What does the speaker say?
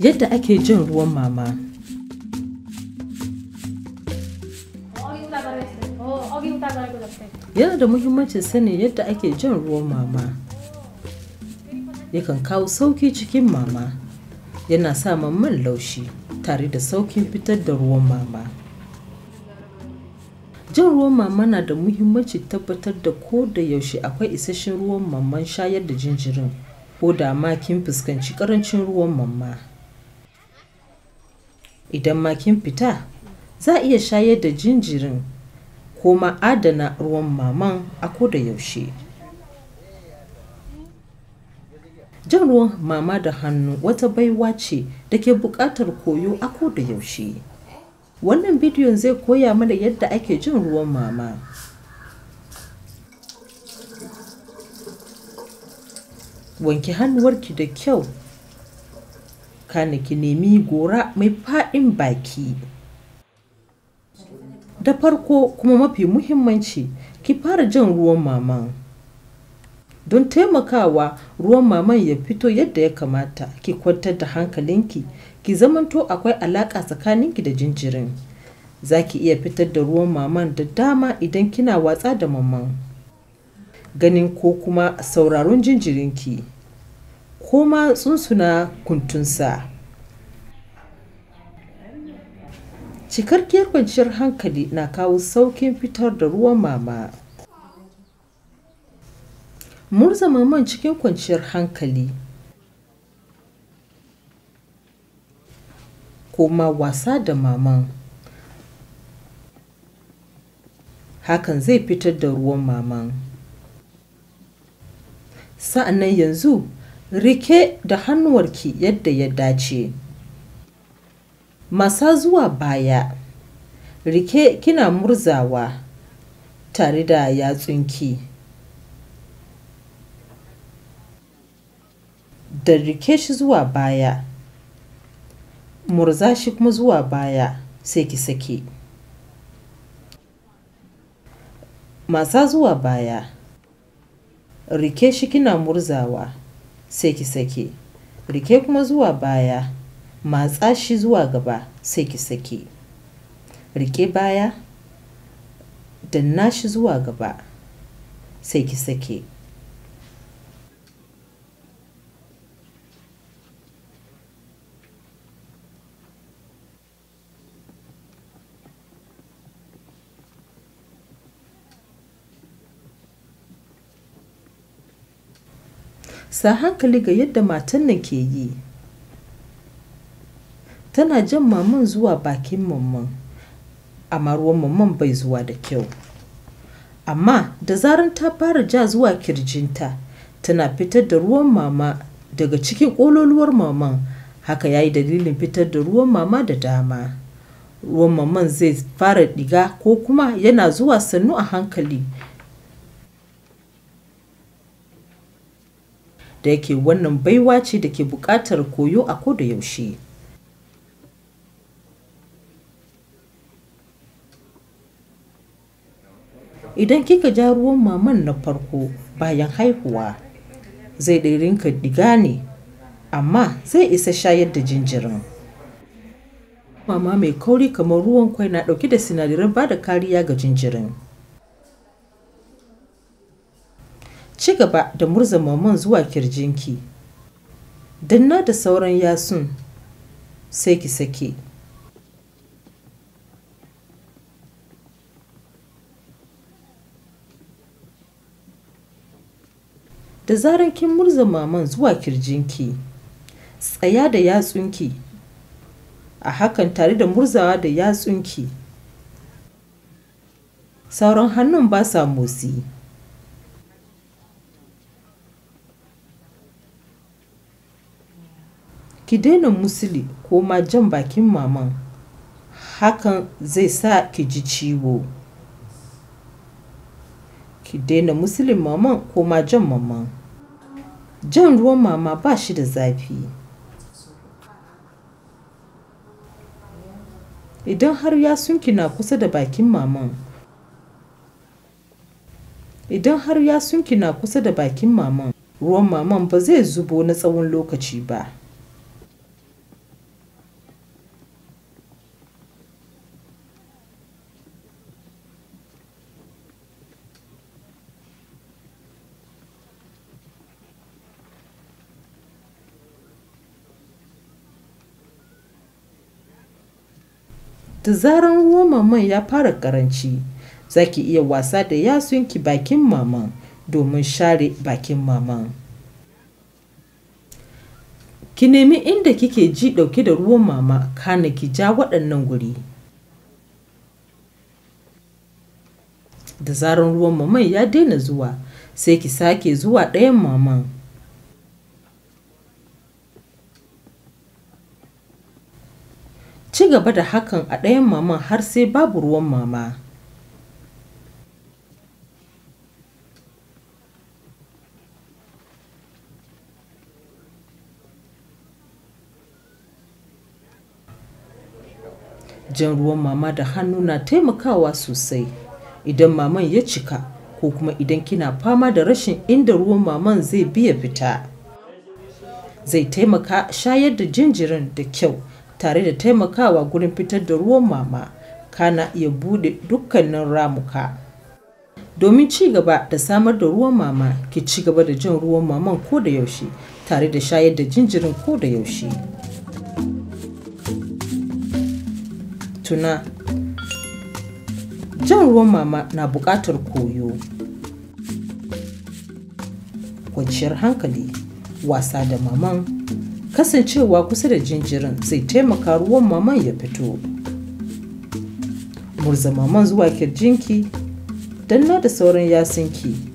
yadda ake jin ruwan mama yana da muhimmanci sanin yadda ake jin ruwan mama yakan kawo sauki cikin mama yana sa man laushi tare da saukin fitar da ruwan mama jin ruwan mama na da muhimmanci tabbatar da ko da yaushe akwai isasshen ruwan maman shayar da jinjirin ko da ma kin fuskanci karancin ruwan mama idan ma kin fita za a iya shayar da jinjirin ko ma adana ruwan maman a da yaushe jan ruwan mama da hannu wata baiwa ce da ke buƙatar koyo a da yaushe wannan bidiyon zai koya mana yadda ake jin ruwan mama wanke hannuwarki da kyau na ki nemi gora mai faɗin baki da farko kuma mafi muhimmanci ki fara jan ruwan maman don taimakawa ruwan maman ya fito yadda ya kamata ki kwantar da hankalinki ki zamanto akwai alaƙa tsakaninki da jinjirin za ki iya fitar da ruwan maman da dama idan kina watsa da maman ganin ko kuma sauraron jinjirinki ko ma tsunsuna kuntunsa cikakkiyar kwanciyar hankali na kawo saukin fitar da ruwan mama murza maman cikin kwanciyar hankali koma wasa da maman hakan zai fitar da ruwan maman sa'annan yanzu rike da hannuwarki yadda ya dace masa zuwa baya rike kina murzawa tare da yatsunki da rike shi zuwa baya murza shi kuma zuwa baya sai ki sake masa zuwa baya rike shi kina murzawa sai ki sake rike kuma zuwa baya matsa shi zuwa gaba sai sake rike baya danna shi zuwa gaba sai ki sake sa hankali ga yadda matan nan ke yi tana jan maman zuwa bakin mamman amma ruwan mamman bai zuwa da kyau amma da zaran ta fara ja zuwa kirjinta tana fitar da ruwan mama daga cikin ƙololuwar maman haka ya yi dalilin fitar da ruwan mama da dama ruwan maman zai fara diga ko kuma yana zuwa sannu a hankali da yake wannan baiwa ce da ke buƙatar koyo a koda yaushe idan kika ja ruwan maman na farko bayan haihuwa zai ɗairinka diga ne amma zai isa shayar da jinjirin mama mai kauri kamar ruwan kwai na ɗauke da sinadaran ba da kariya ga jinjirin ci gaba da murza mamman zuwa kirjinki danna da sauran yasun sai ki sake da zarar kin murza maman zuwa kirjinki tsaya da yatsunki a hakan tare da murzawa da yatsunki sauran hannun ba sa motsi ki daina musuli ko ma jan bakin maman hakan zai sa ki ji ciwo ki daina musulin maman ko ma jan maman jan ruwan mama ba shi da zafi idan har yasunki na kusa da bakin maman idan har yasunki na kusa da bakin maman ruwan maman ba zai zubo na tsawon lokaci ba da zaran ruwan maman ya fara karanci za ki iya wasa da yasunki bakin maman domin share bakin maman ki nemi inda kike ji dauke da ruwan mama kana ki ja waɗannan guri da zaran ruwan maman ya daina zuwa sai ki sake zuwa ɗayan maman ci gaba da hakan a ɗayan maman har sai babu ruwan mama jan ruwan mama da hannu na taimakawa sosai idan maman ya cika ko kuma idan kina fama da rashin inda ruwan maman zai biya fita zai taimaka shayar da jinjirin da kyau tare da taimakawa gurin fitar da ruwan mama kana iya bude dukkanin ramuka domin ci gaba da samar da ruwan mama ki ci gaba da jan ruwan maman ko da yaushe tare da shayar da jinjirin ko da yaushe tuna jan ruwan mama na buƙatar koyo kwanciyar hankali wasa da maman kasancewa kusa da jinjirin sai taimaka ruwan maman ya fito murza maman zuwa kirjinki danna da sauran yasinki